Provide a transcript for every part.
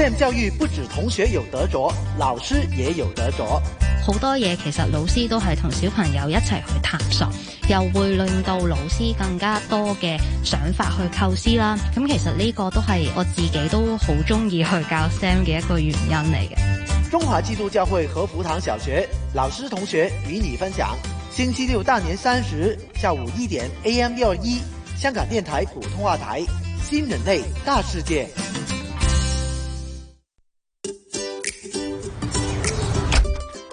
STEM 教育不止同學有得着，老師也有得着。好多嘢其實老師都係同小朋友一齊去探索，又會令到老師更加多嘅想法去構思啦。咁其實呢個都係我自己都好中意去教 STEM 嘅一個原因嚟嘅。中華基督教會何福堂小學老師同學與你分享，星期六大年三十下午一點 AM 六二一，香港電台普通話台，新人類大世界。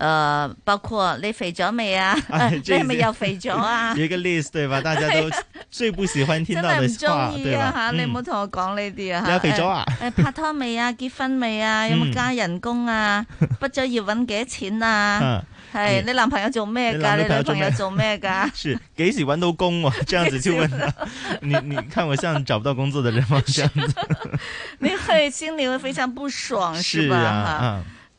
誒，包括你肥咗未啊？你係咪又肥咗啊？有一個 list 對吧？大家都最不喜歡聽到的話，對吧？你唔好同我講呢啲啊吓！又肥咗啊？誒，拍拖未啊？結婚未啊？有冇加人工啊？畢咗業搵幾多錢啊？係你男朋友做咩㗎？你男朋友做咩㗎？是幾時揾到工啊？這樣子就問，你你看我像找不到工作的人嗎？這樣子你會心裏會非常不爽，是吧？啊。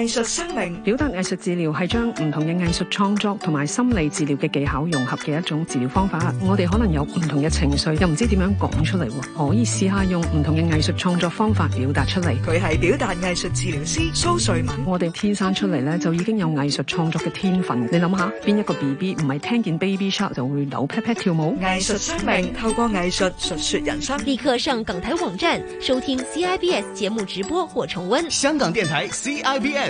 藝術生命，表達藝術治療係將唔同嘅藝術創作同埋心理治療嘅技巧融合嘅一種治療方法。嗯、我哋可能有唔同嘅情緒，又唔知點樣講出嚟，可以試下用唔同嘅藝術創作方法達來表達出嚟。佢係表達藝術治療師蘇瑞文。我哋天生出嚟呢，就已經有藝術創作嘅天分。你諗下，邊一個 B B 唔係聽見 Baby Shark 就會扭 pat pat 跳舞？藝術生命，透過藝術述說人生。立刻上港台網站收聽 C I B S 節目直播或重溫香港電台 C I B S。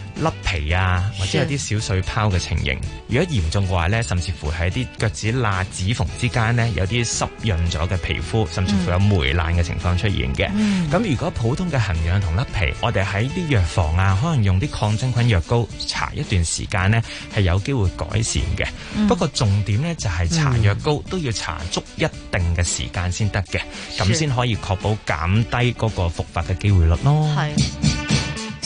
甩皮啊，或者有啲小水泡嘅情形。是如果嚴重嘅話呢，甚至乎喺啲腳趾罅、指縫之間呢，有啲濕潤咗嘅皮膚，甚至乎有霉爛嘅情況出現嘅。咁、嗯、如果普通嘅痕癢同甩皮，我哋喺啲藥房啊，可能用啲抗真菌藥膏搽一段時間呢，係有機會改善嘅。嗯、不過重點呢就係搽藥膏、嗯、都要搽足一定嘅時間先得嘅，咁先是可以確保減低嗰個復發嘅機會率咯。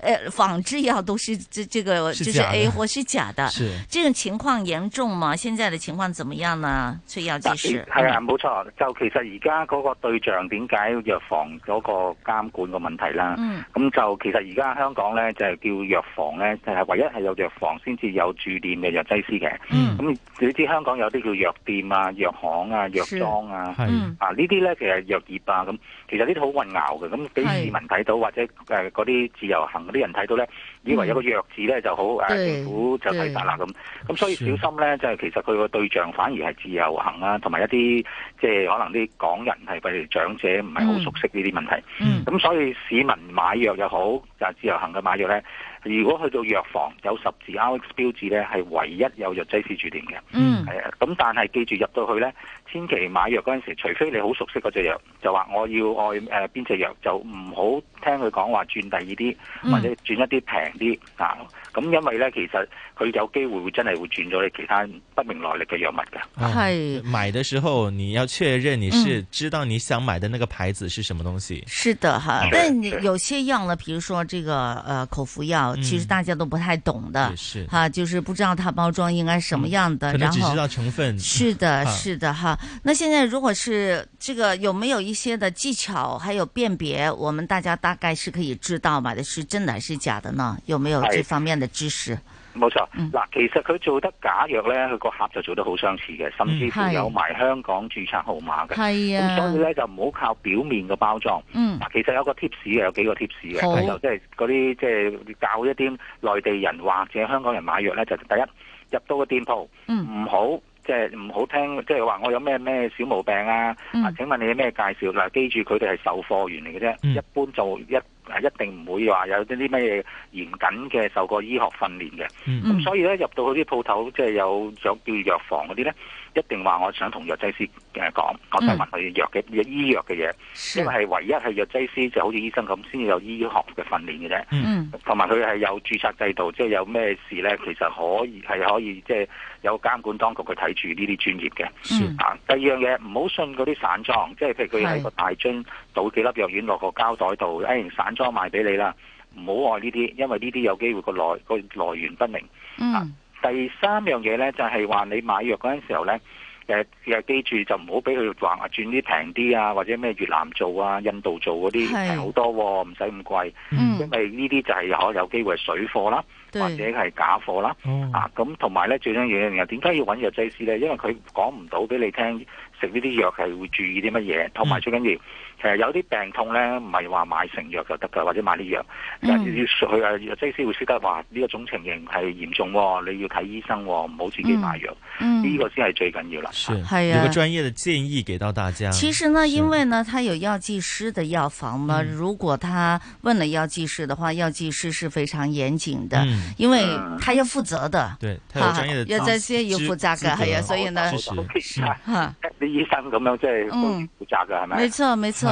誒，仿製、哎、藥都是這這個，就是 A 貨是，是假的，是，這種情況嚴重嗎？現在的情況怎麼樣呢？崔藥劑師，係啊，冇、嗯、錯，就其實而家嗰個對象點解藥房嗰個監管個問題啦，咁、嗯、就其實而家香港咧就係、是、叫藥房咧就係、是、唯一係有藥房先至有駐店嘅藥劑師嘅，咁你、嗯、知香港有啲叫藥店啊、藥行啊、藥莊啊，是嗯、啊呢啲咧其實藥業啊，咁其實呢啲好混淆嘅，咁俾市民睇到是或者誒嗰啲自由行啲人睇到咧，以為有個藥字咧就好，誒、嗯啊、政府就睇晒啦咁。咁、嗯、所以小心咧，即係的其實佢個對象反而係自由行啊，同埋一啲即係可能啲港人係譬如長者唔係好熟悉呢啲問題。咁、嗯嗯、所以市民買藥又好，就係、是、自由行嘅買藥咧。如果去到藥房有十字 RX 標誌咧，係唯一有藥劑師駐店嘅。嗯，係啊。咁但係記住入到去咧。千祈買藥嗰陣時，除非你好熟悉嗰隻藥，就話我要愛誒邊隻藥，就唔好聽佢講話轉第二啲，或者轉一啲平啲啊。咁因為咧，其實佢有機會會真係會轉咗你其他不明來歷嘅藥物嘅、嗯。買嘅時候，你要確認你是知道你想買嘅那個牌子是什麼東西。嗯、是的哈，但有些藥呢，譬如說這個呃口服藥，嗯、其實大家都不太懂的，是哈、啊，就是不知道它包裝應該什麼樣的，嗯、然後可能只知道成分。是的，是的哈。啊那現在如果是這個有沒有一些的技巧，還有辨別，我們大家大概是可以知道買的是真的還是假的呢？有沒有這方面的知識？冇錯，嗱、嗯，其實佢做得假藥呢，佢個盒就做得好相似嘅，甚至乎有埋香港注冊號碼嘅。係啊、嗯，咁所以呢，啊、就唔好靠表面嘅包裝。嗯，嗱，其實有個貼士嘅，有幾個貼士嘅，就即係嗰啲即係教一啲內地人或者香港人買藥呢，就第一入到個店鋪，唔、嗯、好。即係唔好聽，即係話我有咩咩小毛病啊？啊、嗯，請問你有咩介紹？嗱，記住佢哋係售貨員嚟嘅啫，一般就一啊一定唔會話有啲啲咩嚴謹嘅受過醫學訓練嘅。咁、嗯、所以咧入到嗰啲鋪頭，即、就、係、是、有想叫藥房嗰啲咧。一定話我想同藥劑師誒講，我想問佢藥嘅、嗯、醫藥嘅嘢，是因為係唯一係藥劑師就好似醫生咁，先至有醫學嘅訓練嘅啫。嗯，同埋佢係有註冊制度，即係有咩事咧，其實可以係可以即係有監管當局去睇住呢啲專業嘅。是啊，第二樣嘢唔好信嗰啲散裝，即係是譬如佢喺個大樽倒幾粒藥丸落個膠袋度，哎，散裝賣俾你啦，唔好愛呢啲，因為呢啲有機會個來、個來源不明。啊、嗯。第三樣嘢咧就係、是、話你買藥嗰陣時候咧，誒又記住就唔好俾佢話轉啲平啲啊，或者咩越南做啊、印度做嗰啲係平好多、啊，唔使咁貴，嗯、因為呢啲就係可有，有機會係水貨啦，對或者係假貨啦。嗯、啊，咁同埋咧最緊要嘅點解要揾藥劑師咧？因為佢講唔到俾你聽食呢啲藥係會注意啲乜嘢，同埋最緊要。誒，有啲病痛咧，唔係話買成藥就得噶，或者買啲藥，但係佢誒藥劑師會識得話呢一種情形係嚴重，你要睇醫生，唔好自己買藥。呢個先係最緊要啦。係啊，有個專業的建議畀到大家。其實呢，因為呢，他有藥劑師嘅藥房嘛。如果他問了藥劑師的話，藥劑師是非常嚴謹的，因為他要負責的。對，有專業要，即係要負責噶，係啊。所以呢，吓啲醫生咁樣即係都負責噶，係咪？沒錯，沒錯。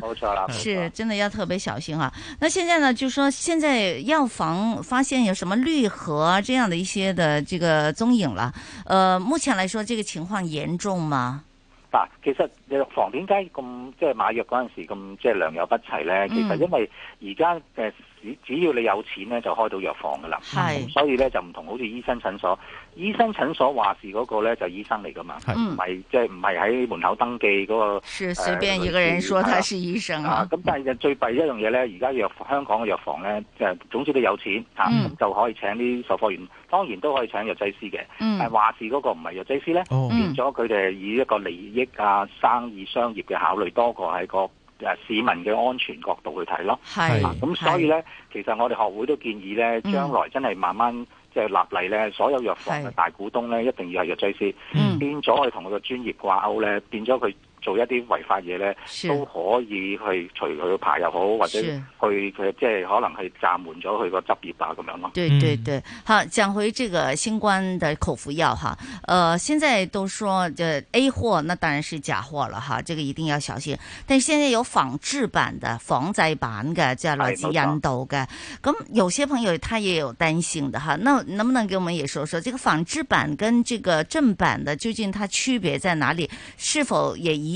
冇錯啦，是，冇錯啦。真的要特別小心啊，那現在呢，就說現在藥房發現有什麼綠盒、啊、這樣的一些的這個蹤影了。呃，目前來說，這個情況嚴重嗎？嗱、啊，其實麼這麼、就是、藥房點解咁即係買藥嗰陣時咁即係良莠不齊呢、嗯、其實因為而家誒。呃只要你有錢咧，就開到藥房噶啦。係是，所以咧就唔同，好似醫生診所。醫生診所話事嗰個咧就係醫生嚟噶嘛，唔係即係唔係喺門口登記嗰、嗰個。是隨、呃、便一個人說他是醫生啊？咁但係最弊一樣嘢咧，而家藥香港嘅藥房咧，誒，總之都有錢咁、啊嗯、就可以請啲售貨員，當然都可以請藥劑師嘅。嗯、但係話事嗰個唔係藥劑師咧，變咗佢哋以一個利益啊、生意、商業嘅考慮多過喺個。誒市民嘅安全角度去睇咯，係是，咁、啊、所以咧，是其實我哋學會都建議咧，將來真係慢慢即係、嗯、立例咧，所有藥房嘅大股東咧，是一定要係藥劑師，嗯、變咗佢同佢嘅專業掛鈎咧，變咗佢。做一啲違法嘢咧，都可以去除佢嘅牌又好，或者去佢是即係可能去暫緩咗佢個執業啊咁樣咯。對對對，好，講回這個新冠的口服藥哈，呃，現在都說嘅 A 貨，那當然是假貨啦，哈，這個一定要小心。但係現在有仿製版的、仿製版嘅，即係來自印度嘅。咁有些朋友他也有擔心的哈，那能不能給我們也說說，這個仿製版跟這個正版的究竟它區別在哪裡？是否也一？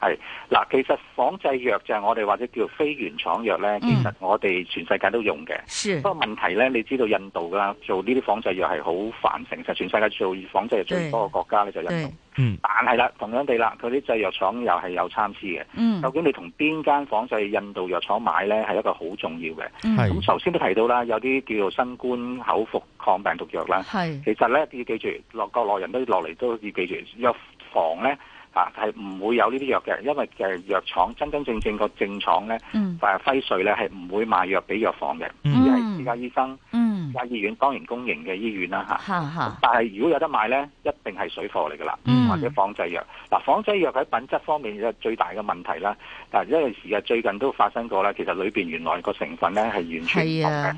係嗱，其實仿製藥就係我哋或者叫非原廠藥咧，嗯、其實我哋全世界都用嘅。是不過問題咧，你知道印度啦，做呢啲仿製藥係好繁盛，其實全世界做仿製藥最多嘅國家咧對就印度。對但係啦，同樣地啦，佢啲製藥廠又係有參差嘅。嗯、究竟你同邊間仿製印度藥廠買咧，係一個好重要嘅。咁頭先都提到啦，有啲叫做新冠口服抗病毒藥啦。係是。其實咧，要記住，落國內人都落嚟都要記住藥房咧。啊，係唔會有呢啲藥嘅，因為藥廠真真正正個正廠咧，輝瑞咧係唔會賣藥俾藥房嘅，只係私家醫生，嗯嗯家醫院當然公營嘅醫院啦嚇，但係如果有得賣呢，一定係水貨嚟㗎啦，嗯、或者仿製藥。嗱，仿製藥喺品質方面最大嘅問題啦。嗱，因為時日最近都發生過啦，其實裏邊原來個成分呢係完全唔同嘅，啊，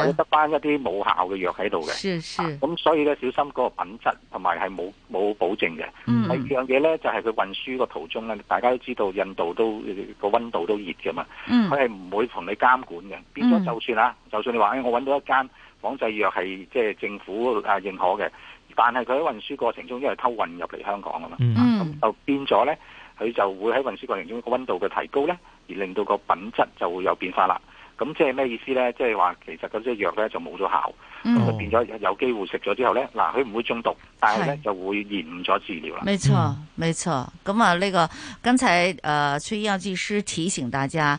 或者得返一啲冇效嘅藥喺度嘅。咁是、啊、所以呢，小心嗰個品質同埋係冇冇保證嘅。第二樣嘢呢，就係、是、佢運輸個途中呢，大家都知道印度都個温度都熱嘅嘛。佢係唔會同你監管嘅。嗯。變咗就算啦，就算你話、哎、我揾到一間。仿製藥係即係政府啊認可嘅，但係佢喺運輸過程中因為偷運入嚟香港啊嘛，咁、嗯、就變咗咧，佢就會喺運輸過程中個温度嘅提高咧，而令到個品質就會有變化啦。咁即係咩意思咧？即係話其實嗰啲藥咧就冇咗效，咁、嗯、就變咗有機會食咗之後咧，嗱佢唔會中毒，但係咧就會延誤咗治療啦。冇錯，冇錯。咁啊、這個，呢個剛才誒、呃、崔藥劑師提醒大家。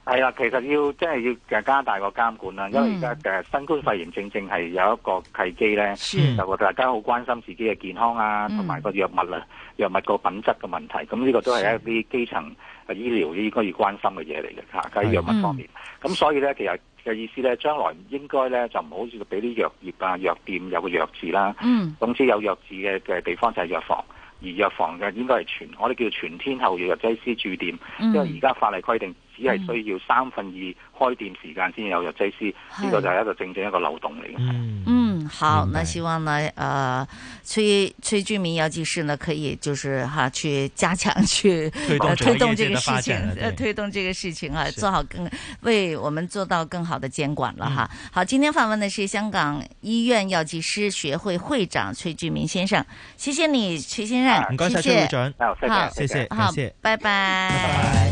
係啦，其實要即係要加大個監管啦，嗯、因為而家誒新冠肺炎正正係有一個契機咧，就的大家好關心自己嘅健康啊，同埋、嗯、個藥物啦，藥物個品質嘅問題，咁呢個都係一啲基層誒醫療應該要關心嘅嘢嚟嘅，喺藥物方面。咁、嗯、所以咧，其實嘅意思咧，將來應該咧就唔好要俾啲藥業啊、藥店有個藥字啦。嗯。總之有藥字嘅嘅地方就係藥房，而藥房嘅應該係全我哋叫全天候藥劑師駐店，嗯、因為而家法例規定。只係需要三分二開店時間先有藥劑師，呢個就係一個正正一個漏洞嚟嘅。嗯，好，那希望呢，呃，崔崔俊明藥劑師呢，可以就是哈，去加強去推動這個事情，推動這個事情啊，做好更為我們做到更好的監管了哈。好，今天訪問嘅是香港醫院藥劑師學會會長崔俊明先生，謝謝你崔先生，唔該晒，謝謝，好，謝謝，好，拜拜。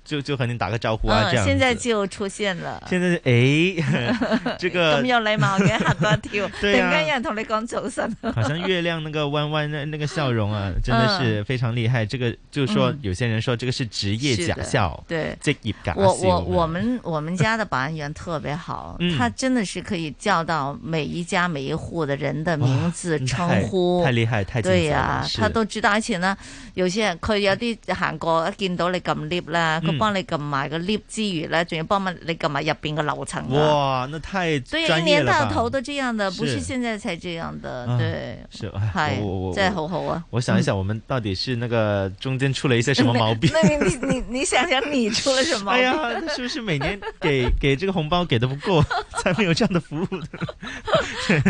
就就和你打個招呼啊，這樣。現在就出現了。現在，哎，這個。咁有禮貌嘅吓咁多條，等間有人同你講早晨。好像月亮那個彎彎那那個笑容啊，真的是非常厲害。這個就是說，有些人說這個是職業假笑。對，職業噶。我我我們我們家的保安員特別好，他真的是可以叫到每一家每一戶的人的名字稱呼。太厲害，太對呀。他都知道，而且呢，有些人以有啲韓國一見到你咁 lift 啦，幫你撳埋個 lift 之餘仲要幫你撳埋入邊個樓層。哇，那太對，一年到頭都這樣的，不是現在才這樣的，對。是，喺再吼吼啊！我想一想，我們到底是那個中間出了一些什麼毛病？那你你你你想想，你出了什麼？哎呀，是不是每年給給這個紅包給得不夠，才會有這樣的服務？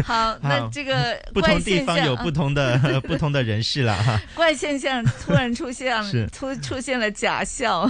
好，那這個不同地方有不同的不同的人士啦。怪現象突然出現，出出現了假笑。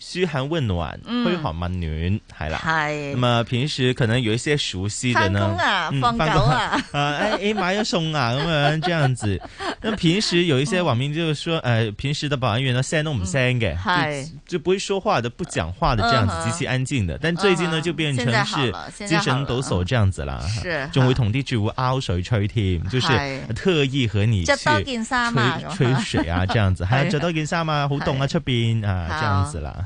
噓寒問暖，噓寒問暖係啦。係，咁啊平時可能有一些熟悉的呢。嗯，返工啊，放狗啊，誒買餸啊咁樣這樣子。咁平時有一些網民就說，誒平時的保安員呢 silent 唔 silent 嘅，就，就不會說話的，不講話的這樣子，極其安靜的。但最近呢就變成是精神抖擻這樣子啦。是。仲會同啲住戶，凹水吹 team，就是特意和你去吹吹水啊，這樣子。係。着啊，咁。係。吹水啊，着多件衫啊，好凍啊出邊啊，這樣子啦。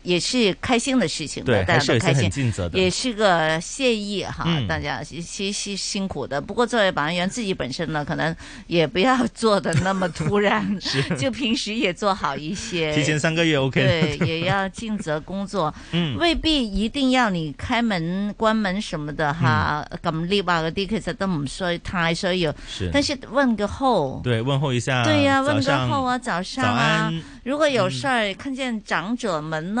也是開心的事情對，大家開心，也是個謝意哈。大家其實辛苦的，不過作為保安員自己本身呢，可能也不要做的那麼突然，就平時也做好一些。提前三個月 OK。對，也要盡責工作，嗯，未必一定要你開門關門什麼的哈。撳 lift 啊，嗰啲其實都唔需太需要，是。但是問個候。對，問候一下。對呀，問個候啊早上啊，如果有事兒，看見長者們呢。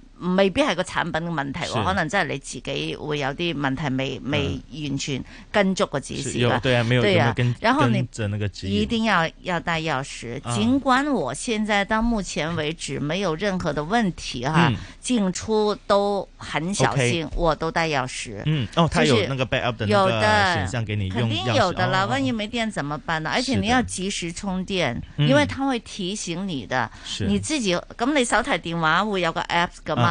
未必係個產品嘅問題，可能真係你自己會有啲問題未未完全跟足個指示啦。對啊，沒有對啊，跟，然後你一定要要帶鑰匙。盡管我現在到目前為止沒有任何的問題哈，進出都很小心，我都帶鑰匙。嗯，哦，佢有那個 backup 的那個選項，給你用。肯定有的啦，萬一沒電怎麼辦呢？而且你要及時充電，因為它會提醒你的。你自己咁你手提電話會有個 app 噶嘛？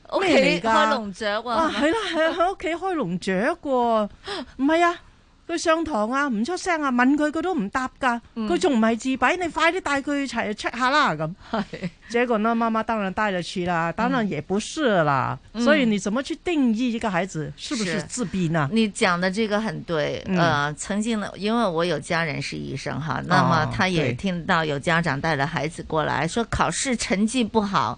屋企開龍雀啊！係啦，係喺屋企開龍雀噶，唔係啊，佢上堂啊，唔出聲啊，問佢佢都唔答噶，佢仲唔係自閉？你快啲帶佢去一齊 check 下啦咁。係，結果呢媽媽當然帶咗去啦，當然也不是啦，所以你怎麼去定義一個孩子是不是自閉呢？你講的這個很對，啊，曾經呢，因為我有家人是醫生哈，那麼他也聽到有家長帶着孩子過來說考試成績不好。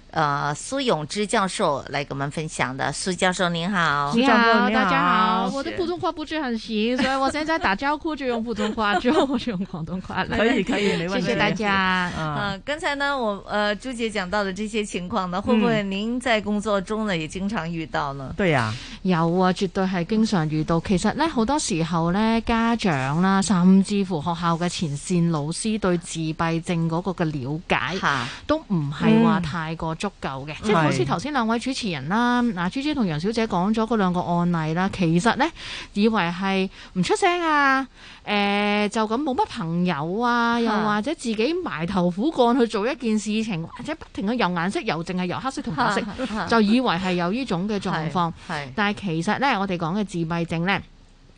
呃，蘇詠芝教授來給我們分享的。蘇教授您好，你好，大家好。我的普通話不是很行，所以我現在打招呼就用普通話，之後我就用廣東話。可以可以，謝謝大家。呃，剛才呢，我呃朱姐講到的這些情況呢，會不會您在工作中呢也經常遇到呢？對呀，有啊，絕對係經常遇到。其實呢，好多時候呢，家長啦，甚至乎學校嘅前線老師對自閉症嗰個嘅了解，都唔係話太過足夠嘅，即係好似頭先兩位主持人啦，嗱，珠珠同楊小姐講咗嗰兩個案例啦，其實咧以為係唔出聲啊，呃，就咁冇乜朋友啊，又或者自己埋頭苦幹去做一件事情，或者不停嘅遊顏色，又淨係遊黑色同白色， 就以為係有呢種嘅狀況， 是但係其實咧，我哋講嘅自閉症咧。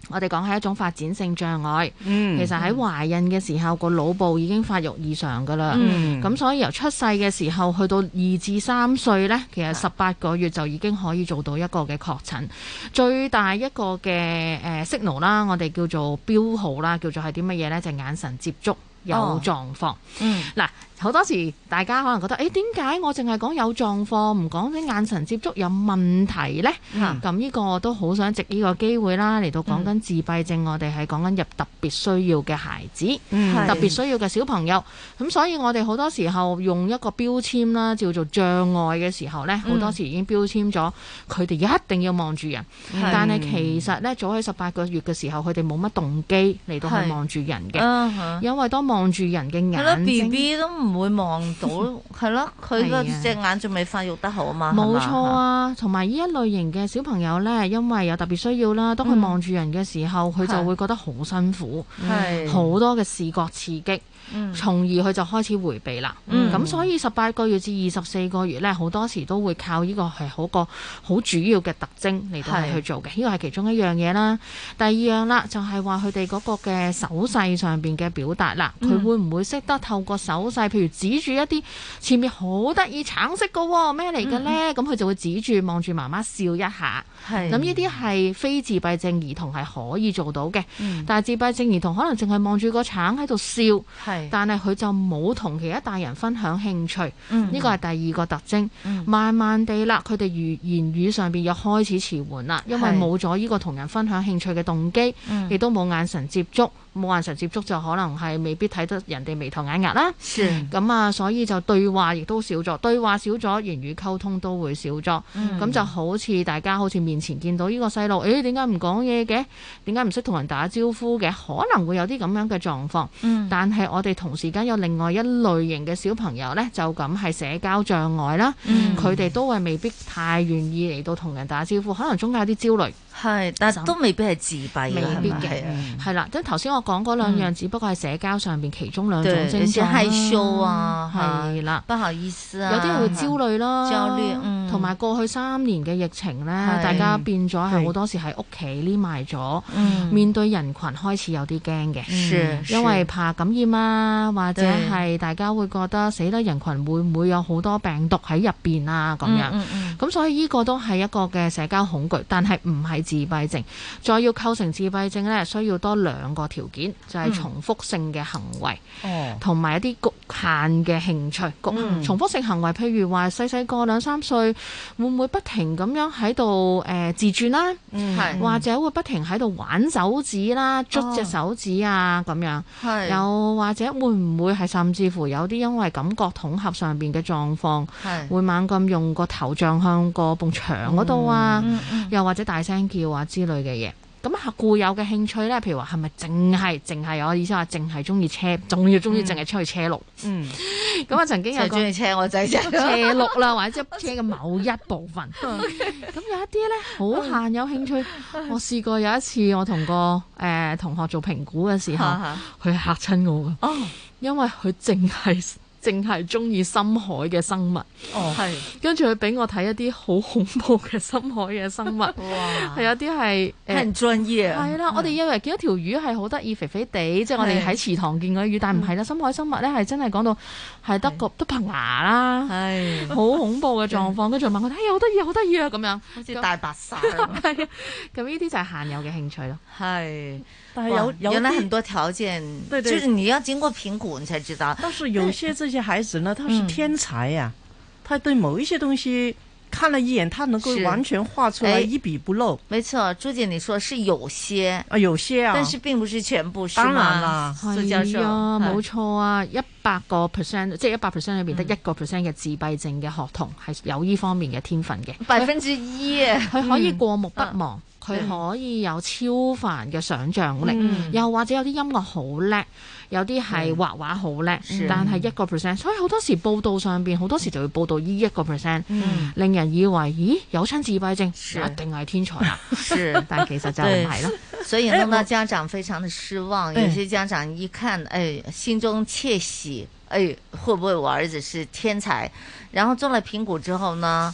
我哋講係一種發展性障礙，嗯嗯、其實喺懷孕嘅時候個腦部已經發育異常噶啦，咁、嗯、所以由出世嘅時候去到二至三歲咧，其實十八個月就已經可以做到一個嘅確診。最大一個嘅誒 signal 啦，我哋叫做標號啦，叫做係啲乜嘢咧？就係、是、眼神接觸有狀況。嗱、哦。嗯好多時大家可能覺得，誒點解我淨係講有狀況，唔講啲眼神接觸有問題呢？咁、嗯呢個都好想藉呢個機會啦，嚟到講緊自閉症，嗯、我哋係講緊入特別需要嘅孩子，嗯、特別需要嘅小朋友。咁、嗯、所以我哋好多時候用一個標籤啦，叫做障礙嘅時候呢，好、嗯、多時已經標籤咗佢哋一定要望住人。嗯、但係其實呢，早喺十八個月嘅時候，佢哋冇乜動機嚟到去望住人嘅，是因為當望住人嘅眼、嗯、寶寶都唔。唔會望到，係咯，佢嗰隻眼仲未發育得好吖嘛。冇 了錯啊，同埋呢一類型嘅小朋友呢，因為有特別需要啦，當佢望住人嘅時候，佢、嗯、就會覺得好辛苦，好多嘅視覺刺激。嗯、從而佢就開始迴避啦。咁、嗯、所以十八個月至二十四個月呢，好多時都會靠呢個係好個好主要嘅特徵嚟到去做嘅。呢個係其中一樣嘢啦。第二樣啦，就係話佢哋嗰個嘅手勢上邊嘅表達啦。佢會唔會識得透過手勢，譬如指住一啲前面好得意橙色個咩嚟嘅呢？咁佢、嗯、就會指住望住媽媽笑一下。咁呢啲係非自閉症兒童係可以做到嘅。嗯、但係自閉症兒童可能淨係望住個橙喺度笑。但係佢就冇同其他大人分享興趣，呢個係第二個特徵。嗯、慢慢地啦，佢哋語言語上面又開始遲緩啦，是因為冇咗呢個同人分享興趣嘅動機，嗯、亦都冇眼神接觸。冇眼神接觸就可能係未必睇得人哋眉頭眼額啦，咁是啊，所以就對話亦都少咗，對話少咗，言語溝通都會少咗，咁、嗯、就好似大家好似面前見到呢個細路，咦、欸，點解唔講嘢嘅？點解唔識同人打招呼嘅？可能會有啲咁樣嘅狀況，嗯、但係我哋同時間有另外一類型嘅小朋友呢，就咁係社交障礙啦，佢哋、嗯、都係未必太願意嚟到同人打招呼，可能中間有啲焦慮。係，但都未必係自閉，未必嘅，係啦。咁頭先我講嗰兩樣，只不過係社交上邊其中兩種症狀。係啊，係啦，不好意思啊，有啲人會焦慮啦，焦慮，同埋過去三年嘅疫情咧，大家變咗係好多時喺屋企匿埋咗，面對人群開始有啲驚嘅，因為怕感染啊，或者係大家會覺得死得人群會唔會有好多病毒喺入邊啊咁樣，咁所以呢個都係一個嘅社交恐懼，但係唔係，自閉症，再要構成自閉症咧，需要多兩個條件，就係、是、重複性嘅行為，同埋、嗯嗯、一啲局限嘅興趣。重複性行為，譬如話細細個兩三歲，會唔會不停咁樣喺度誒自轉啦？嗯、或者會不停喺度玩手指啦，捽隻手指啊咁、哦、樣。是又或者會唔會係甚至乎有啲因為感覺統合上邊嘅狀況，是會猛咁用個頭撞向個埲牆嗰度啊？嗯嗯、又或者大聲。票啊之類嘅嘢，咁啊固有嘅興趣咧，譬如話係咪淨係淨係我意思話淨係中意車，仲要中意淨係出去車轆。嗯，咁、嗯、啊曾經有中意車，我車我，我仔成車轆啦， 或者即係車嘅某一部分。咁有一啲咧好限有興趣，Okay. 我試過有一次我同個誒、呃、同學做評估嘅時候，佢嚇親我㗎，因為佢淨係。淨係中意深海嘅生物，係，跟住佢俾我睇一啲好恐怖嘅深海嘅生物，係有啲係，係專業，係啦，我哋以為見到條魚係好得意，肥肥地，即係我哋喺池塘見嗰啲魚，但唔係啦，深海生物咧係真係講到係得個都棚牙啦，係，好恐怖嘅狀況，跟住問我，哎好得意，好得意啊咁樣，好似大白鯊，係啊，咁呢啲就係限有嘅興趣咯，係。原來很多條件，對對，就是你要經過評估，你才知道。但是有些這些孩子呢，他是天才呀，他對某一些東西看了一眼，他能夠完全畫出來一筆不漏。沒錯，朱姐，你說是有些啊，有些啊，但是並不是全部。當然啦，蘇教授，係呀，冇錯啊，一百個 percent，即係一百 percent 裏邊得一個 percent 嘅自閉症嘅學童係有呢方面嘅天分嘅，百分之一啊，佢可以過目不忘。佢可以有超凡嘅想像力，嗯、又或者有啲音樂好叻，有啲係畫畫好叻，嗯、但係一個 percent。是所以好多時報道上面好多時就會報道呢一個 percent，令人以為咦有親自閉症一定係天才啊！是 是但其實就唔係啦。 對 所以令到家長非常的失望，有些、欸、家長一看，哎，心中竊喜，哎，會不會我兒子是天才？然後做了評估之後呢？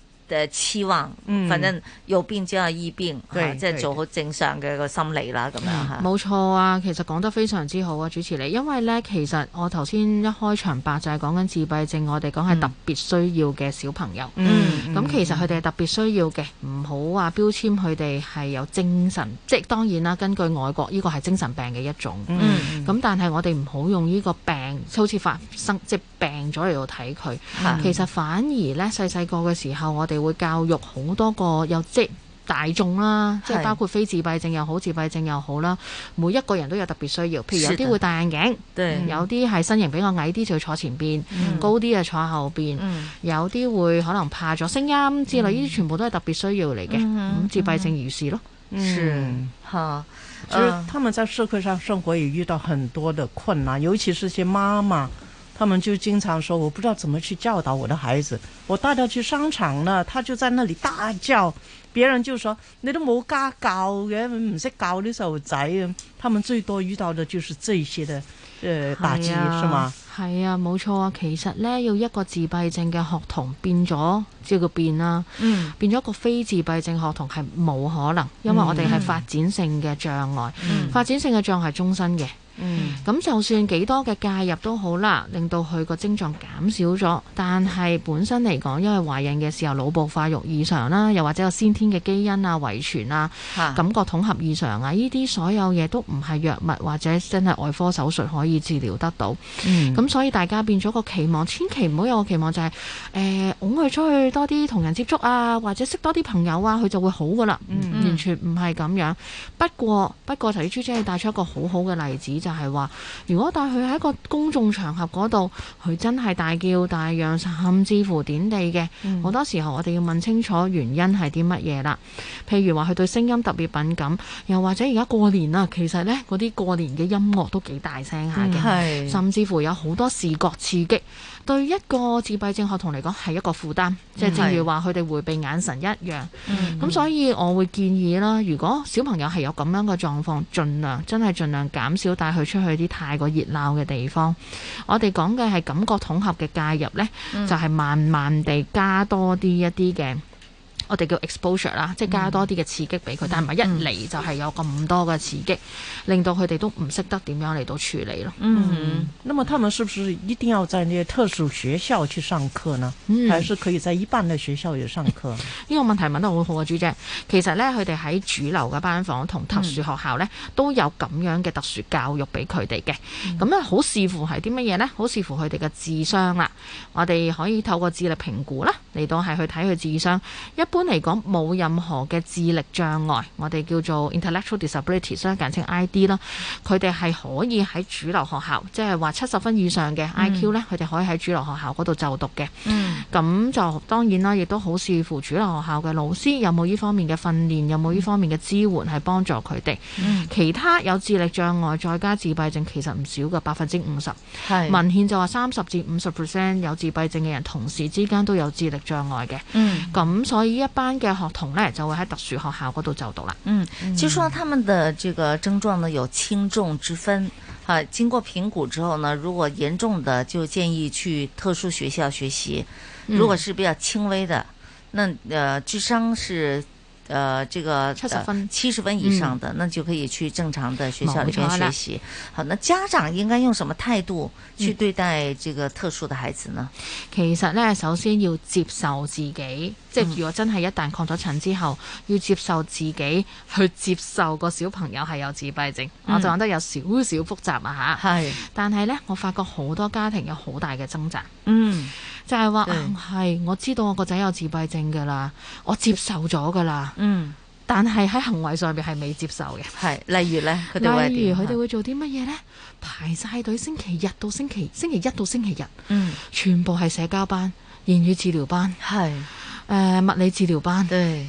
嘅期望，反正右邊只有依邊，即係、嗯啊就是、做好正常嘅個心理啦，咁、嗯、樣嚇。冇錯啊，其實講得非常之好啊，主持你，因為呢，其實我頭先一開場白就係講緊自閉症，我哋講係特別需要嘅小朋友，嗯，咁、嗯、其實佢哋係特別需要嘅，唔好話標籤佢哋係有精神，即係當然啦，根據外國呢、這個係精神病嘅一種，嗯，咁但係我哋唔好用呢個病好似發生即係、就是、病咗嚟度睇佢，嗯、其實反而呢，細細個嘅時候我哋。會教育好多個有即大眾啦，即係包括非自閉症又好，自閉症又好啦，每一個人都有特別需要。譬如有啲會戴眼鏡，有啲係身形比較矮啲就要坐前邊，高啲就坐後邊，有啲會可能怕咗聲音之類，呢啲全部都係特別需要嚟嘅。咁自閉症如是咯，嗯吓，所以他們在社會上生活也遇到很多的困難，尤其是些媽媽。他們就經常說，我不知道怎麼去教導我的孩子。我帶他去商場了，他就在那裏大叫，別人就說你都冇家教嘅，唔識教的細路仔。他們最多遇到的就是這些的，呃，打擊、哎、呀是嗎？係啊，冇錯啊。其實呢，要一個自閉症嘅學童變咗，照要叫變、啊嗯、變啦，變咗一個非自閉症學童係冇可能，因為我哋係發展性嘅障礙，嗯嗯、發展性嘅障礙係終身嘅。咁、嗯、就算幾多嘅介入都好啦，令到佢個症狀減少咗，但係本身嚟講，因為懷孕嘅時候腦部發育異常啦，又或者有先天嘅基因啊遺傳啊，啊感覺統合異常啊，呢啲所有嘢都唔係藥物或者真係外科手術可以治療得到。嗯咁所以大家變咗個期望，千祈唔好有個期望就係誒擁佢出去多啲同人接觸啊，或者識多啲朋友啊，佢就會好噶啦。完全唔係咁樣，嗯嗯不。不過不過頭先朱姐帶出一個好好嘅例子，就係、是、話如果帶佢喺一個公眾場合嗰度，佢真係大叫大嚷，甚至乎點地嘅，好、嗯、多時候我哋要問清楚原因係啲乜嘢啦。譬如話佢對聲音特別敏感，又或者而家過年啊，其實咧嗰啲過年嘅音樂都幾大聲下嘅，嗯、是甚至乎有好。好多視覺刺激，對一個自閉症學童嚟講係一個負擔，即係、嗯、正如話佢哋回避眼神一樣。咁、嗯、所以我會建議啦，如果小朋友係有咁樣嘅狀況，盡量真係盡量減少帶佢出去啲太過熱鬧嘅地方。我哋講嘅係感覺統合嘅介入呢，嗯、就係慢慢地加多啲一啲嘅。我哋叫 exposure 啦，即係加多啲嘅刺激俾佢，嗯、但係唔係一嚟就係有咁多嘅刺激，嗯、令到佢哋都唔識得點樣嚟到處理咯。嗯，那麼他們是不是一定要在那些特殊學校去上課呢？還是可以在一般的學校去上課？呢、嗯、個問題問得好好呀，主席。其實咧，佢哋喺主流嘅班房同特殊學校咧都有咁樣嘅特殊教育俾佢哋嘅。咁咧、嗯、好視乎係啲乜嘢呢？好視乎佢哋嘅智商啦、啊。我哋可以透過智力評估啦嚟到係去睇佢智商一般。一般嚟講冇任何嘅智力障礙，我哋叫做 intellectual disability，所以簡稱 I.D. 啦。佢哋係可以喺主流學校，即係話七十分以上嘅 I.Q. 呢，佢哋可以喺主流學校嗰度就讀嘅。嗯。咁就當然啦，亦都好視乎主流學校嘅老師有冇呢方面嘅訓練，嗯、有冇呢方面嘅支援係幫助佢哋。嗯、其他有智力障礙再加自閉症，其實唔少嘅百分之五十。是文獻就話三十至五十 percent 有自閉症嘅人，同時之間都有智力障礙嘅。嗯。咁所以一班嘅學童呢，就會喺特殊學校嗰度就讀啦。嗯，嗯就說他們的這個症狀呢，有輕重之分，啊，經過評估之後呢，如果嚴重的就建議去特殊學校學習，如果是比較輕微的，那呃智商是。誒，這個七十分，七十分以上的，那就可以去正常的學校裏邊學習。好，那家長應該用什麼態度去對待這個特殊的孩子呢？其實呢，首先要接受自己，即係如果真係一旦確診之後，要接受自己，去接受個小朋友係有自閉症，我就覺得有少少複雜啊吓。係，但係呢，我發覺好多家庭有好大嘅掙扎。嗯，就係話係，我知道我個仔有自閉症㗎喇，我接受咗㗎喇。嗯，但係喺行為上邊係未接受嘅，係例如咧，佢哋會點？例如佢哋會做啲乜嘢咧？排晒隊，星期日到星期星期一到星期日，嗯，全部係社交班、言語治療班，係誒是、呃、物理治療班，對，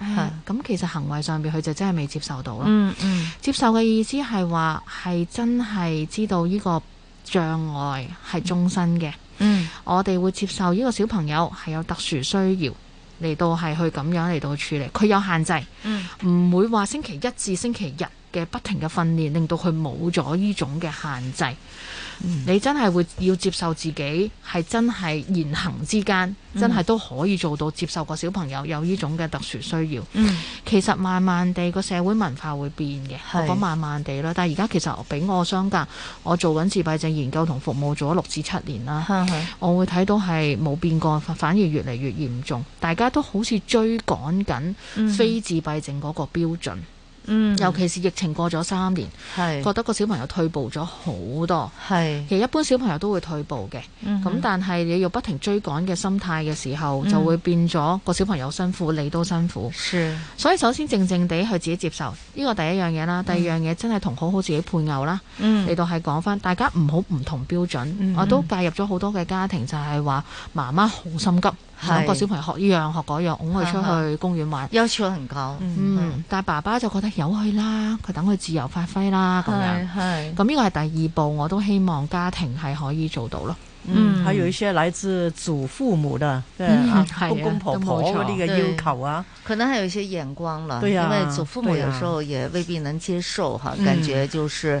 係咁。呃、其實行為上邊佢就真係未接受到啦。嗯嗯，接受嘅意思係話係真係知道呢個障礙係終身嘅。嗯，嗯我哋會接受呢個小朋友係有特殊需要。嚟到係去咁樣嚟到處理，佢有限制，唔、嗯、會話星期一至星期日嘅不停嘅訓練，令到佢冇咗呢種嘅限制。嗯、你真係會要接受自己係真係言行之間，嗯、真係都可以做到接受個小朋友有呢種嘅特殊需要。嗯、其實慢慢地個社會文化會變嘅，是我講慢慢地啦。但係而家其實俾我相隔，我做緊自閉症研究同服務做咗六至七年啦，是是我會睇到係冇變過，反而越嚟越嚴重。大家都好似追趕緊非自閉症嗰個標準。嗯嗯，尤其是疫情過咗三年，係覺得個小朋友退步咗好多。係其實一般小朋友都會退步嘅，咁但係你要不停追趕嘅心態嘅時候，就會變咗個小朋友辛苦，你都辛苦。係，所以首先靜靜地去自己接受，呢個第一樣嘢啦。第二樣嘢真係同好好自己配偶啦，嚟到係講翻大家唔好唔同標準。我都介入咗好多嘅家庭，就係話媽媽好心急。兩個小朋友學依樣學嗰樣，佢出去公園玩，休息唔夠。嗯，但爸爸就覺得由佢啦，佢等佢自由發揮啦咁樣。係咁呢個係第二步，我都希望家庭係可以做到咯。嗯，係有一些來自祖父母啊，公公婆婆嗰個嘅要求啊，可能還有一些眼光啦。啊。因為祖父母有時候也未必能接受哈，感覺就是。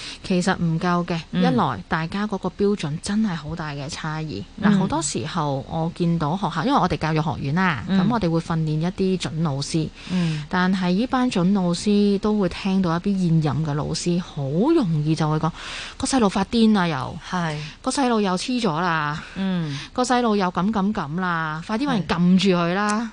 其實唔夠嘅，一來大家嗰個標準真係好大嘅差異。嗱、嗯，好多時候我見到學校，因為我哋教育學院啦，咁、嗯、我哋會訓練一啲準老師，嗯、但係呢班準老師都會聽到一啲現任嘅老師，好容易就會講、個細路發癲啊，是又、嗯、個細路又黐咗啦，個細路又咁咁咁啦，快啲揾人撳住佢啦。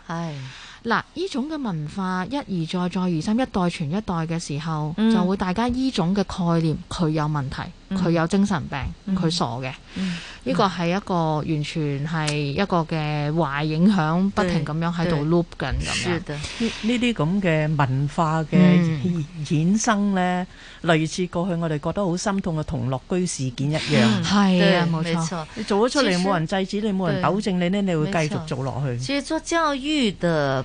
嗱，呢種嘅文化一而再再而三一代傳一代嘅時候，嗯、就會大家呢種嘅概念佢有問題。佢、嗯、有精神病，佢、嗯、傻嘅，呢、嗯嗯、個係一個完全係一個嘅壞影響，不停咁樣喺度 loop 緊咁樣。呢啲咁嘅文化嘅衍生咧，嗯、類似過去我哋覺得好心痛嘅同樂居事件一樣。係，冇、啊、錯。你做咗出嚟，冇實人制止你，沒證你冇人糾正你咧，你會繼續做落去。其實做教育的。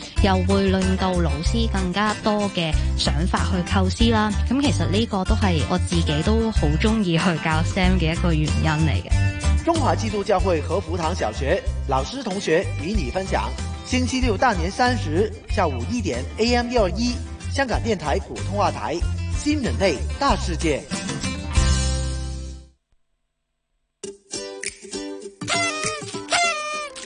又會令到老師更加多嘅想法去構思啦，咁其實呢個都係我自己都好中意去教 Sam 嘅一個原因嚟嘅。中華基督教會何福堂小學老師同學與你分享，星期六大年三十下午一點 AM 六二一，香港電台普通話台，新人類大世界。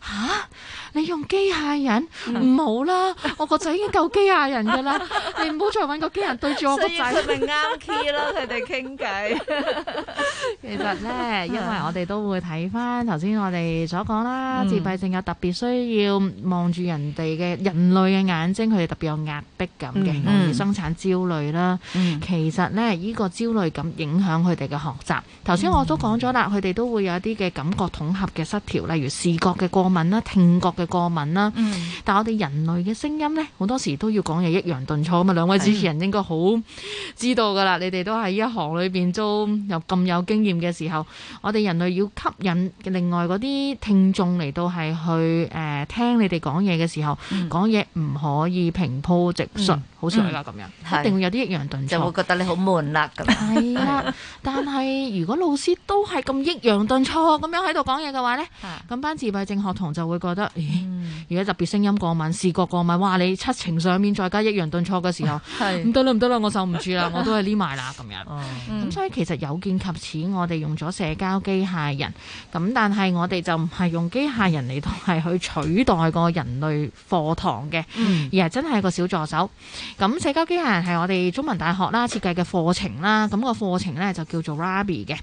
吓！你用機械人唔好啦，我個仔已經夠機械人噶啦， 你唔好再搵個機械人對住我個仔。所以咪啱傾咯，佢哋傾偈。 其實呢，因為我哋都會睇翻頭先我哋所講啦，嗯、自閉症有特別需要望住人哋嘅人類嘅眼睛，佢哋特別有壓迫感嘅，容易生產焦慮啦。嗯、其實呢，呢、這個焦慮感影響佢哋嘅學習。頭先我都講咗啦，佢哋、嗯、都會有一啲嘅感覺統合嘅失調，例如視覺嘅光。過敏啦，聽覺嘅過敏啦，但係我哋人類嘅聲音咧，好多時都要講嘢抑揚頓挫啊嘛。兩位主持人應該好知道噶啦，你哋都係一行裏邊都有咁有經驗嘅時候，我哋人類要吸引另外嗰啲聽眾嚟到係去誒、呃、聽你哋講嘢嘅時候，講嘢唔可以平鋪直述，好似你啦咁樣，嗯、一定會有啲抑揚頓挫，就會覺得你好悶啦咁。係、 啊， 但係如果老師都係咁抑揚頓挫咁樣喺度講嘢嘅話咧，咁的班自閉症學同就會覺得，如果特別聲音過敏、視覺過敏，哇！你七情上面再加抑揚頓挫嘅時候，咁唔得啦，唔得啦，我受唔住啦， 我都係匿埋啦咁樣。咁、嗯、所以其實有見及此，我哋用咗社交機械人，咁但係我哋就唔係用機械人嚟到係去取代個人類課堂嘅，嗯、而係真係一個小助手。咁社交機械人係我哋中文大學啦設計嘅課程啦，咁個課程咧就叫做 Rabi 嘅。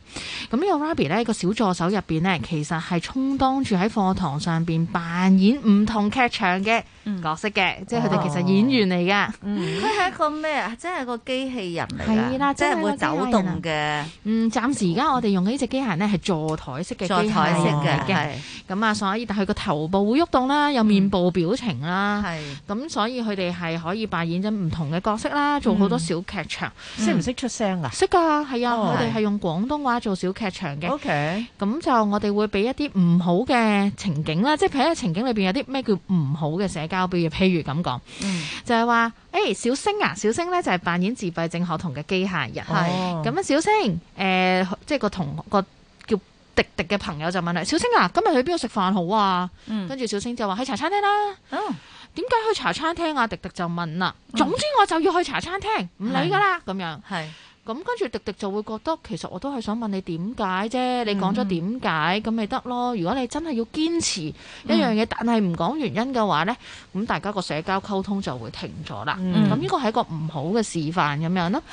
咁呢個 Rabi 咧個小助手入邊咧，其實係充當住喺課堂，上邊扮演唔同劇場嘅。角色嘅，即係佢哋其實演員嚟噶。佢係一個咩啊？即係個機器人嚟啦，即係會走動嘅。嗯，暫時而家我哋用嘅呢隻機械呢，係坐台式嘅，坐台式嘅，咁啊，所以但佢個頭部會喐動啦，有面部表情啦。咁，所以佢哋係可以扮演咗唔同嘅角色啦，做好多小劇場。識唔識出聲㗎？識㗎，係啊，我哋係用廣東話做小劇場嘅。O K。咁就我哋會俾一啲唔好嘅情景啦，即係喺情景裏邊有啲咩叫唔好嘅社交。比如例如咁講，嗯、就係話，誒、欸，小星啊，小星咧就係扮演自閉症學童嘅機械人，係咁、哦、小星，誒、呃，即、就、係、是、個同學個叫迪迪嘅朋友就問啦，小星啊，今日去邊度食飯好啊？嗯，跟住小星就話去茶餐廳啦、啊。哦、嗯，點解去茶餐廳啊？迪迪就問啦，總之我就要去茶餐廳，唔理噶啦，咁是樣。係。咁跟住迪迪就會覺得其實我都係想問你點解啫，你講咗點解咁咪得咯。如果你真係要堅持一樣嘢，嗯、但係唔講原因嘅話呢，咁大家個社交溝通就會停咗啦。咁呢、嗯、個係一個唔好嘅示範咁樣咯。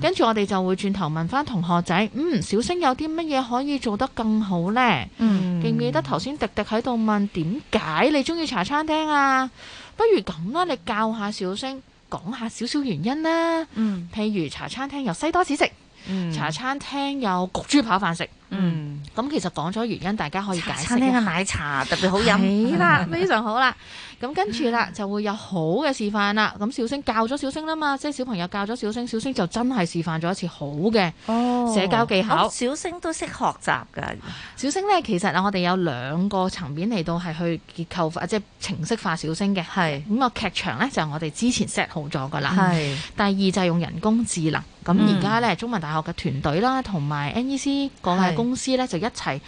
跟住、嗯、我哋就會轉頭問翻同學仔，嗯，嗯、小星有啲乜嘢可以做得更好呢？嗯、記唔記得頭先迪迪喺度問點解你中意茶餐廳啊？不如咁啦，你教下小星。講下少少原因啦，嗯，譬如茶餐廳有西多士食，嗯，茶餐廳有焗豬扒飯食。嗯，咁、嗯、其實講咗原因，大家可以解釋啊。餐廳嘅奶茶特別好飲啦，的的非常好啦。咁、嗯、跟住啦，就會有好嘅示範啦。咁小星教咗小星啦嘛，即、就、係、是、小朋友教咗小星，小星就真係示範咗一次好嘅社交技巧。哦哦、小星都識學習㗎。小星呢，其實我哋有兩個層面嚟到係去結構化，即係程式化小星嘅。係咁個劇場呢，就係、是、我哋之前 set 好咗㗎啦。係的。第二就係用人工智能。咁而家呢，中文大學嘅團隊啦，同埋 NEC 講公司咧就一齊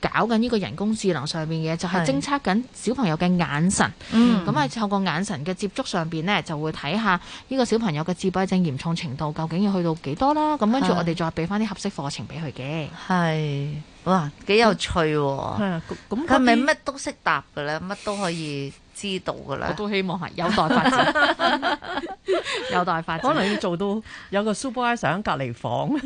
搞緊呢個人工智能上面嘅，就係偵測緊小朋友嘅眼神。咁啊，嗯、透過眼神嘅接觸上邊咧，就會睇下呢個小朋友嘅自閉症嚴重程度究竟要去到幾多啦。咁跟住我哋再俾翻啲合適課程俾佢嘅。係，哇，幾有趣喎、哦！咁佢係咪乜都識答㗎咧？乜都可以？知道噶啦，我都希望係有待發展， 有待發展， 可能要做到有個 supervisor 喺隔離房，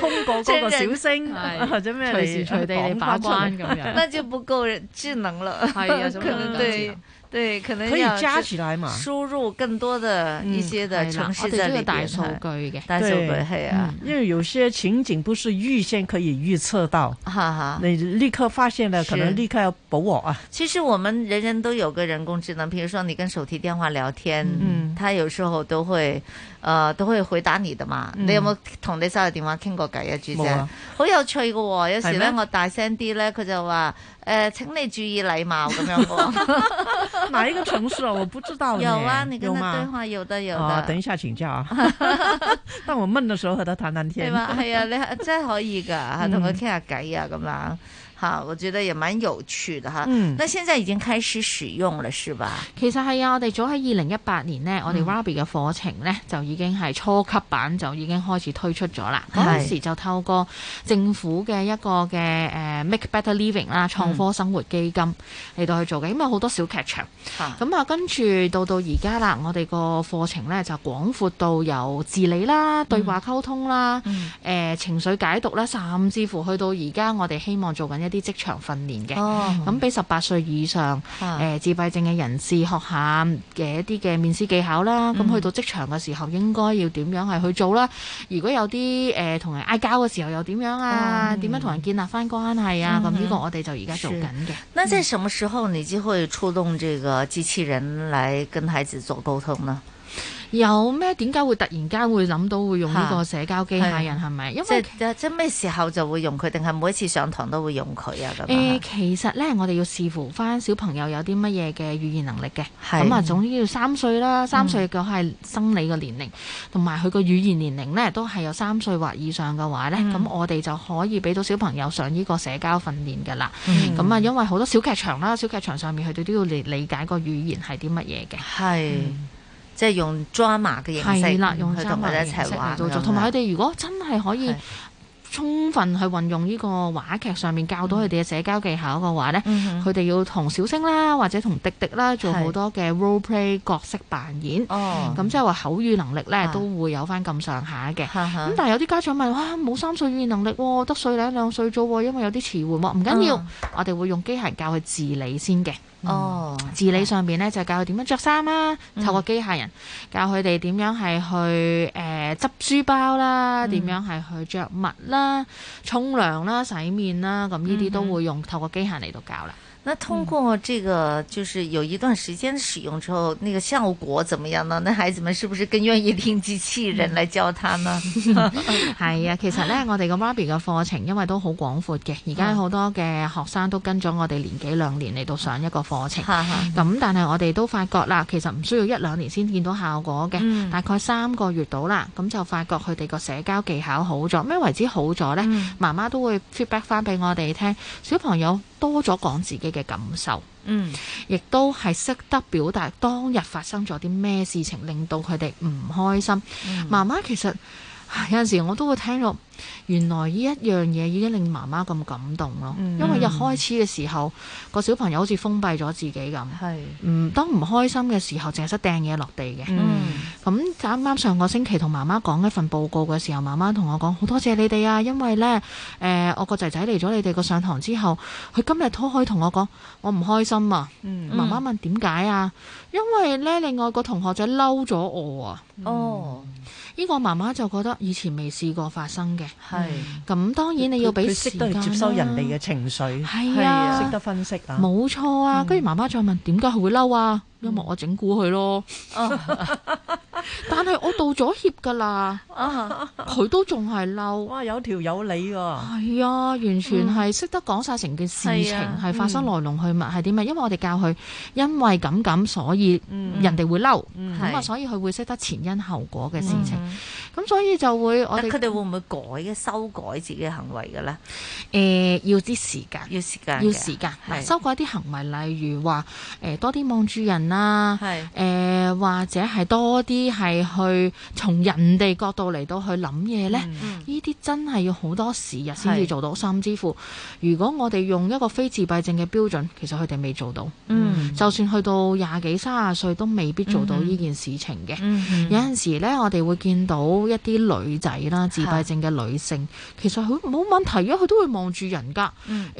通過嗰個小星 是或者咩隨時隨地你把關咁樣， 那就不夠智能啦，係 啊，對。對，可能可以加起來嘛，輸入更多的一些的嘗試在裏面。這個的，啊、嗯，哦、因為有些情景不是預先可以預測到，嗯、你立刻發現了，是可能立刻要補我啊。其實我們人人都有個人工智能，比如說你跟手提電話聊天，嗯，他有時候都會，呃，都會回答你的嘛。嗯、你有冇同有你手提電話傾過偈啊？之前好有趣噶，有時咧我大聲啲咧，佢沒就話。誒、呃，請你注意禮貌咁樣講。 哪一個城市啊？ 我不知道。有啊，你跟佢對話，有的，有的、哦。等一下請教啊。但 我悶嘅時候，和他談談天。你話係啊，你真係可以噶，同佢傾下偈啊，咁樣。啊，我覺得也蠻有趣的哈。嗯，那現在已經開始使用了，是吧？其實係啊，我哋早喺二零一八年呢，嗯、我哋 RABI 嘅課程呢，就已經係初級版就已經開始推出咗啦。嗰陣是時就透過政府嘅一個嘅誒、呃、Make Better Living 啦，創科生活基金嚟到去做嘅，嗯，因為好多小劇場。咁啊，跟住到到而家啦，我哋個課程呢，就廣闊到由自理啦、對話溝通啦、誒、嗯嗯呃、情緒解讀啦，甚至乎去到而家我哋希望做緊一。啲職場訓練嘅，咁俾十八歲以上誒、嗯呃、自閉症嘅人士學下嘅一啲嘅面試技巧啦。咁、嗯、去到職場嘅時候應該要點樣係去做啦。如果有啲誒同人嗌交嘅時候又點樣啊？點、哦、樣同人建立翻關係啊？咁呢、嗯、個我哋就而家做緊嘅。即係，什麼時候你只可以觸動這個機器人嚟跟孩子做溝通呢？嗯有咩，點解會突然間會諗到會用呢個社交機械人係咪啊？因為即係即係咩時候就會用佢，定係每一次上堂都會用佢啊咁？誒、欸，其實咧，我哋要視乎返小朋友有啲乜嘢嘅語言能力嘅。咁啊是，總之要三歲啦，三歲嘅係生理嘅年齡，同埋佢個語言年齡咧，都係有三歲或以上嘅話咧，咁、嗯、我哋就可以俾到小朋友上呢個社交訓練㗎啦。咁啊、嗯，因為好多小劇場啦，小劇場上面佢哋都要理理解個語言係啲乜嘢嘅。係是。嗯即係用 drama 嘅形式啦，用佢嘅 drama 形式嚟做做。同埋佢哋如果真係可以充分去運用呢個話劇上面教到佢哋嘅社交技巧嘅話咧，佢哋要同小星啦，或者同迪迪啦，做好多嘅 role play 角色扮演。哦，咁即係話口語能力咧都會有翻咁上下嘅。咁但係有啲家長問，哇，冇三歲語言能力喎，得歲零兩歲啫喎，因為有啲詞彙冇。唔緊要，我哋會用機械教佢自理先嘅。哦，自理上邊咧就教佢點樣着衫啦，透過機械人、嗯、教佢哋點樣係去誒執、呃、書包啦、點、嗯、樣係去着襪啦、沖涼啦、洗面啦，咁呢啲都會用透過機械嚟到教啦。那通過這個，嗯、就是有一段時間使用之後，那個效果怎麼樣呢？那孩子們是不是更願意聽機器人來教他呢？係啊， 其實呢，我哋個 Robby 嘅課程，因為都好廣闊嘅，而家好多嘅學生都跟咗我哋年幾兩年嚟到上一個課程。咁但係我哋都發覺啦，其實唔需要一兩年先見到效果嘅，嗯、大概三個月到啦，咁就發覺佢哋個社交技巧好咗。咩為之好咗呢？媽媽、嗯、都會 feedback 翻俾我哋聽，小朋友。多咗講自己嘅感受，嗯，亦都係識得表達當日發生咗啲咩事情，令到佢哋唔開心。媽媽，嗯，其實有陣時候我都會聽到。原來呢一樣嘢已經令媽媽咁感動咯，嗯、因為一開始嘅時候、嗯、個小朋友好似封閉咗自己咁，是嗯，當唔開心嘅時候淨係識掟嘢落地嘅，咁啱啱上個星期同媽媽講一份報告嘅時候，媽媽同我講，好多謝你哋啊，因為呢，誒、呃，我個仔仔嚟咗你哋個上堂之後，佢今日拖開同我講，我唔開心啊，嗯、媽媽問點解啊？因為呢，另外一個同學仔嬲咗我啊，哦，呢個媽媽就覺得以前未試過發生嘅。係，咁是、嗯、當然你要俾佢識得接收人哋嘅情緒，係啊，識得分析啊，冇錯啊。跟住、嗯、媽媽再問，點解佢會嬲啊？嗯、因為我整蠱佢咯。啊 但係我道咗歉噶啦，佢都仲係嬲。哇，有條有理喎。係啊，完全係識得講晒成件事情係發生來龍去脈係點啊？因為我哋教佢，因為咁咁，所以人哋會嬲。咁啊，所以佢會識得前因後果嘅事情。咁所以就會我哋佢哋會唔會改嘅？修改自己嘅行為嘅咧？誒，要啲時間，要時間，要時間，修改啲行為，例如話誒多啲望住人啦，誒或者係多啲。係去從人哋角度嚟到去諗嘢呢，呢啲、嗯嗯、真係要好多時日先至做到是甚至乎，如果我哋用一個非自閉症嘅標準，其實佢哋未做到。嗯、就算去到廿幾、三十歲都未必做到呢件事情嘅。嗯嗯嗯、有陣時呢，我哋會見到一啲女仔啦，是自閉症嘅女性，其實佢冇問題啊，佢都會望住人噶。誒、嗯，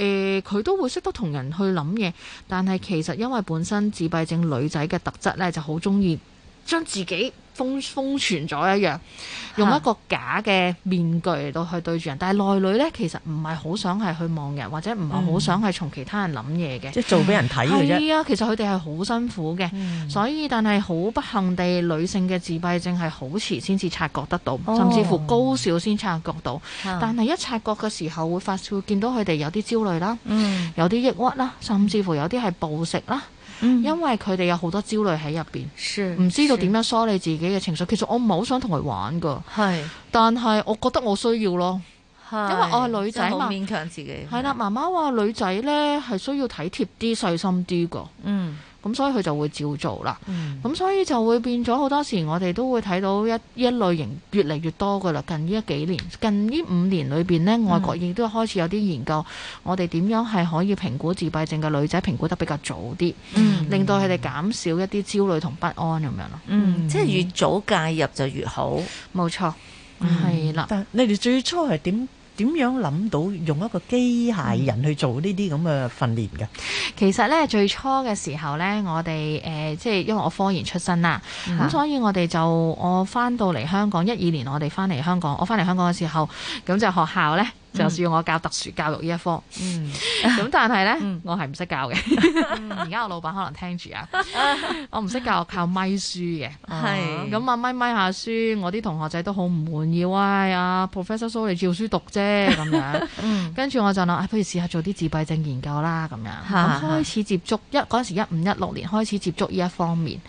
佢、呃、都會識得同人去諗嘢，但係其實因為本身自閉症女仔嘅特質呢，就好中意將自己。封封存咗一樣，用一個假嘅面具嚟到去對住人，啊、但係內裏咧其實唔係好想係去望人，或者唔係好想係從其他人諗嘢嘅。嗯、即係做俾人睇嘅啫，係啊，其實佢哋係好辛苦嘅，嗯、所以但係好不幸地，女性嘅自閉症係好遲先至察覺得到，哦、甚至乎高小先察覺到。哦、但係一察覺嘅時候會發會見到佢哋有啲焦慮啦，嗯、有啲抑鬱啦，甚至乎有啲係暴食啦。嗯、因為佢哋有好多焦慮喺入邊，唔知道點樣梳理自己嘅情緒。其實我唔係好想同佢玩噶，是但係我覺得我需要咯，是因為我係女仔嘛。勉強自己係啦，媽媽話女仔呢係需要體貼啲、細心啲噶。嗯。咁所以佢就會照做啦。咁、嗯、所以就會變咗好多時，我哋都會睇到一一類型越嚟越多㗎喇。近呢幾年，近呢五年裏邊呢，嗯、外國亦都開始有啲研究，我哋點樣係可以評估自閉症嘅女仔評估得比較早啲，嗯嗯、令到佢哋減少一啲焦慮同不安咁樣咯。嗯嗯、即係越早介入就越好，冇錯，係啦、嗯。係啦。但你哋最初係點？點樣諗到用一個機械人去做呢啲咁嘅訓練㗎？其實咧最初嘅時候咧，我哋誒、呃、即係因為我科研出身啦，咁、mm hmm. 所以我哋就我返到嚟香港一二年，我哋返嚟香港，我返嚟香港嘅時候咁就學校咧。就算要我教特殊教育呢一科，咁、嗯嗯、但係呢，嗯、我係唔識教嘅。而 家、嗯、我老闆可能聽住啊， 我唔識教，我靠咪書嘅。係咁啊，嗯、咪咪下書，我啲同學仔都好唔滿意啊。Professor So 照書讀啫咁樣， 嗯、跟住我就諗、哎，不如試下做啲自閉症研究啦咁樣。咁 開始接觸一嗰陣時，一五一六年開始接觸呢一方面。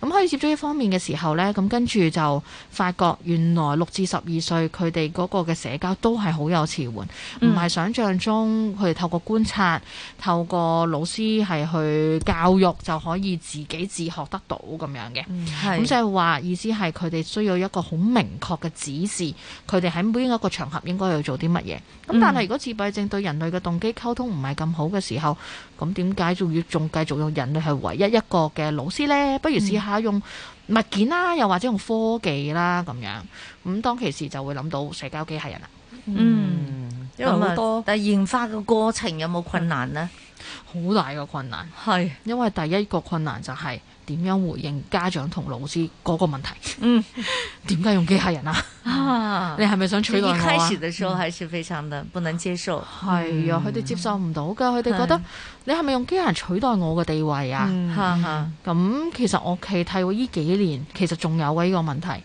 咁、嗯、開始接觸呢方面嘅時候咧，咁跟住就發覺原來六至十二歲佢哋嗰個嘅社交都係好有遲緩，唔係想象中佢哋透過觀察、透過老師係去教育就可以自己自學得到咁樣嘅。咁即係話意思係佢哋需要一個好明確嘅指示，佢哋喺每一個場合應該要做啲乜嘢。咁、嗯、但係如果自閉症對人類嘅動機溝通唔係咁好嘅時候，咁點解仲要仲繼續用人類係唯一一個嘅老師咧？不如試下。下用物件啦，又或者用科技啦，咁樣，咁當其時就會諗到社交機器人啦。嗯，嗯很因為咁多，但係研發嘅過程有冇困難呢？好大嘅困難係，是因為第一個困難就係點樣回應家長同老師嗰個問題。嗯，點解 用機器人啊？啊 你係咪想取代我？啊、一開始嘅時候還是非常的不能接受。係、嗯、啊，佢哋接受唔到噶，佢哋覺得。你係咪用機器人取代我嘅地位啊？咁其實我期待呢幾年其實仲有嘅呢個問題。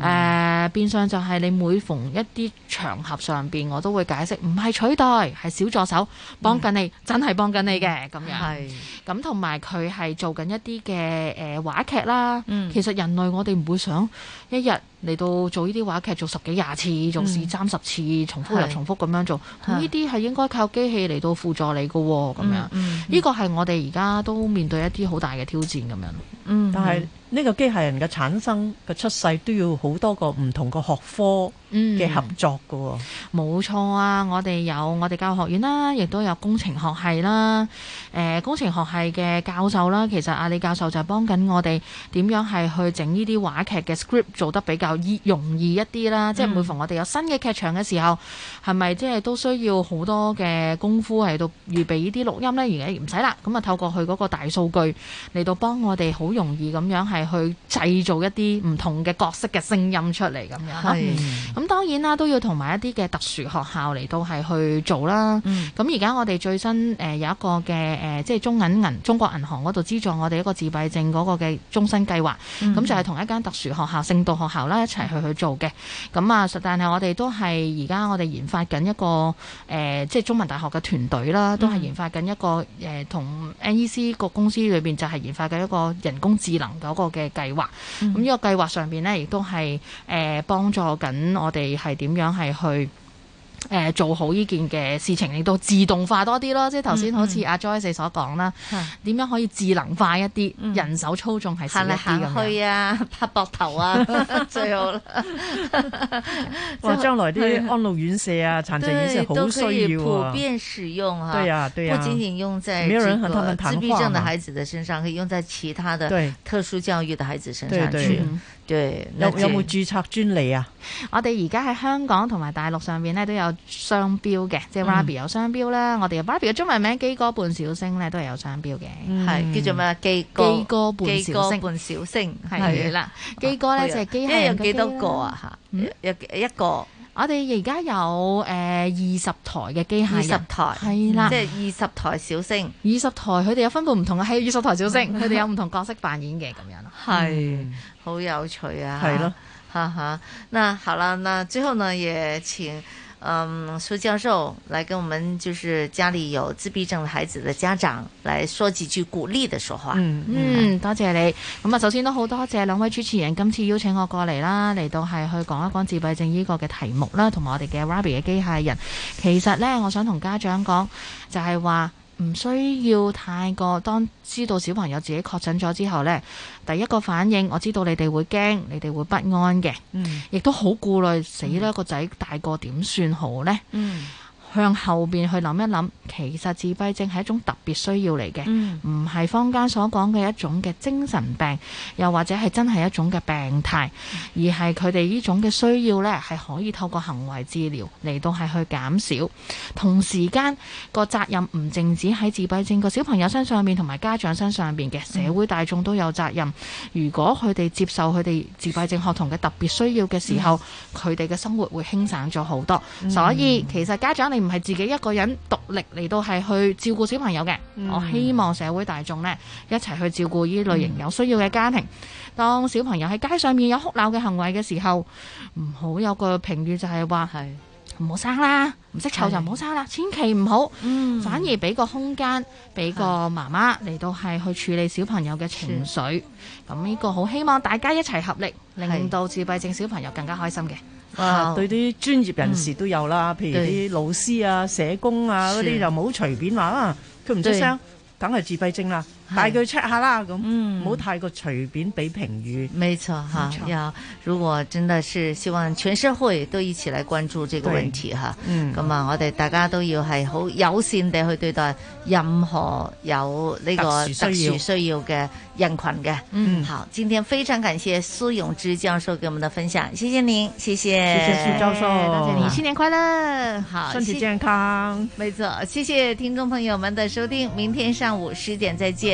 誒，變相就係你每逢一啲場合上邊，我都會解釋，唔係取代，係小助手幫緊你，真係幫緊你嘅咁樣。係咁，同埋佢係做緊一啲嘅誒話劇啦。其實人類我哋唔會想一日。嚟到做呢啲話劇，做十幾廿次，做試三十次，重複又重複咁樣做，呢啲係，應該靠機器嚟到輔助你嘅喎，咁樣，嗯，嗯，呢個係我哋而家都面對一啲好大嘅挑戰，咁樣。嗯，嗯，但係。呢個機械人嘅產生嘅出世都要好多個唔同嘅學科嘅合作嘅。冇、哦嗯、錯啊！我哋有我哋教學學院啦，亦都有工程學系啦。誒、呃、工程學系嘅教授啦，其實阿李教授就係幫緊我哋點樣係去整呢啲話劇嘅 script 做得比較易容易一啲啦。嗯、即係每逢我哋有新嘅劇場嘅時候，係咪即係都需要好多嘅功夫喺度預備呢啲錄音咧？而家唔使啦，咁啊透過佢嗰個大數據嚟到幫我哋好容易咁樣係。去製造一啲唔同嘅角色嘅聲音出嚟，咁樣咁當然啦，都要同埋一啲嘅特殊學校嚟到係去做啦。咁而家我哋最新誒有一個嘅誒即係中銀銀中國銀行嗰度資助我哋一個自閉症嗰個嘅終身計劃，咁、嗯、就係同一間特殊學校聖道學校啦一齊去去做嘅。咁啊，但係我哋都係而家我哋研發緊一個誒即係中文大學嘅團隊啦，都係研發緊一個誒同、嗯、N E C 個公司裏邊就係研發緊一個人工智能嗰個。嘅、嗯、計劃，咁呢個計劃上邊咧，亦都係誒幫助緊我哋係點樣係去。呃、做好呢件嘅事情，亦都自動化多啲咯。即係頭先好似阿、啊、Joyce 所講啦，點、嗯嗯、樣可以智能化一啲、嗯、人手操縱係少啲咁行行去啊，拍膊頭啊， 最好後啦。 哇！將來啲安老院舍啊、 殘疾院舍好、啊、普遍使用啊。對啊，對啊。不僅僅用在這個自閉症的孩子的身上，對可以用在其他的特殊教育的孩子身上去。對對嗯。對是有有冇註冊專利啊？我哋而家喺香港同埋大陸上邊咧都有商標嘅，即係 RABI 有商標啦。嗯、我哋嘅 RABI 嘅中文名機哥伴小星咧都係有商標嘅，係、嗯、叫做咩啊？機哥，機哥，伴小星，係啦。機哥咧就係機，一有幾多個啊？嚇、嗯，一一個。我哋而家有誒二十台嘅機械人，二十台係啦，了即係二十台小星。二十台佢哋有分佈唔同嘅，係二十台小星。佢哋 有唔同角色扮演嘅咁樣咯，係是、嗯、好有趣啊！係咯的，哈哈。 嗱，好啦，嗱，最後之後呢，夜前。嗯，蘇教授來跟我們，就是家裏有自閉症孩子的家長，來說幾句鼓勵的說話。嗯，多謝你。咁啊，首先都好多謝兩位主持人今次邀請我過嚟啦，嚟到係去講一講自閉症呢個嘅題目啦，同埋我哋嘅 Robby 嘅機械人。其實呢，我想同家長講，就係話。唔需要太過，當知道小朋友自己確診咗之後呢，第一個反應我知道你哋會驚，你哋會不安嘅，亦都好顧慮死啦個仔大個點算好呢。嗯向後面去諗一諗，其實自閉症係一種特別需要嚟嘅，唔係、嗯、坊間所講嘅一種嘅精神病，又或者係真係一種嘅病態，嗯、而係佢哋呢種嘅需要呢，係可以透過行為治療嚟到係去減少。同時間個責任唔淨止喺自閉症個小朋友身上面，同埋家長身上面嘅社會大眾都有責任。如果佢哋接受佢哋自閉症學童嘅特別需要嘅時候，佢哋嘅生活會輕省咗好多。嗯、所以其實家長你，唔係自己一個人獨力嚟到係去照顧小朋友嘅，嗯、我希望社會大眾呢一齊去照顧呢類型有需要嘅家庭。嗯、當小朋友喺街上面有哭鬧嘅行為嘅時候，唔好有個評語就係話：唔好是生啦，唔識湊就唔好生啦，的千祈唔好，嗯、反而俾個空間俾個媽媽嚟到係去處理小朋友嘅情緒。咁呢的個好希望大家一齊合力，的令到自閉症小朋友更加開心嘅。啊！Wow，對啲專業人士都有啦，嗯、譬如啲老師啊、對社工啊嗰啲，就唔好隨便話啊，佢唔的出聲，梗係對自閉症啦。帶佢 check 下啦，咁唔好太過隨便俾評語。沒錯，哈，要如果真的是希望全社會都一起來關注這個問題吓，咁啊，我哋大家都要係好友善地去對待任何有呢個特殊需要嘅人群嘅。嗯，好，今天非常感謝蘇詠芝教授給我們的分享，謝謝您，謝謝。謝謝蘇教授，謝謝你，新年快樂，好，身體健康。沒錯，謝謝聽眾朋友們的收聽，明天上午十點再見。